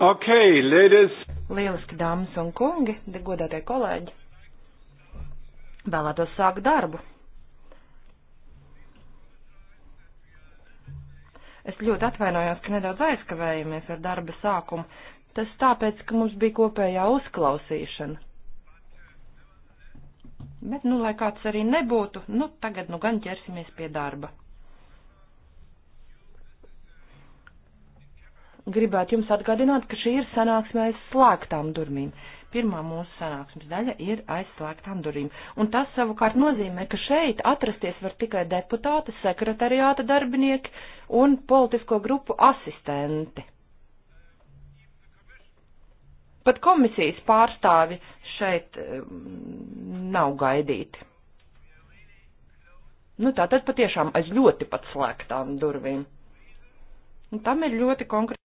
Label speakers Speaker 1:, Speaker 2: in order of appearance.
Speaker 1: Ok, ladies.
Speaker 2: Lieliski, dāmas un kungi, godātie kolēģi. Vēlētos sākt darbu. Es ļoti atvainojos, ka nedaudz aizkavējamies ar darba sākumu. Tas tāpēc, ka mums bija kopējā uzklausīšana. Bet, nu, lai kāds arī nebūtu, nu, tagad nu gan ķersimies pie darba. gribētu jums atgādināt, ka šī ir sanāksme aiz slēgtām durvīm. Pirmā mūsu sanāksmes daļa ir aiz slēgtām durvīm, un tas savukārt nozīmē, ka šeit atrasties var tikai deputāti, sekretariāta darbinieki un politisko grupu asistenti. Pat komisijas pārstāvi šeit mm, nav gaidīti. Nu, tā tad patiešām aiz ļoti pat slēgtām durvīm. Un tam ir ļoti konkrēti.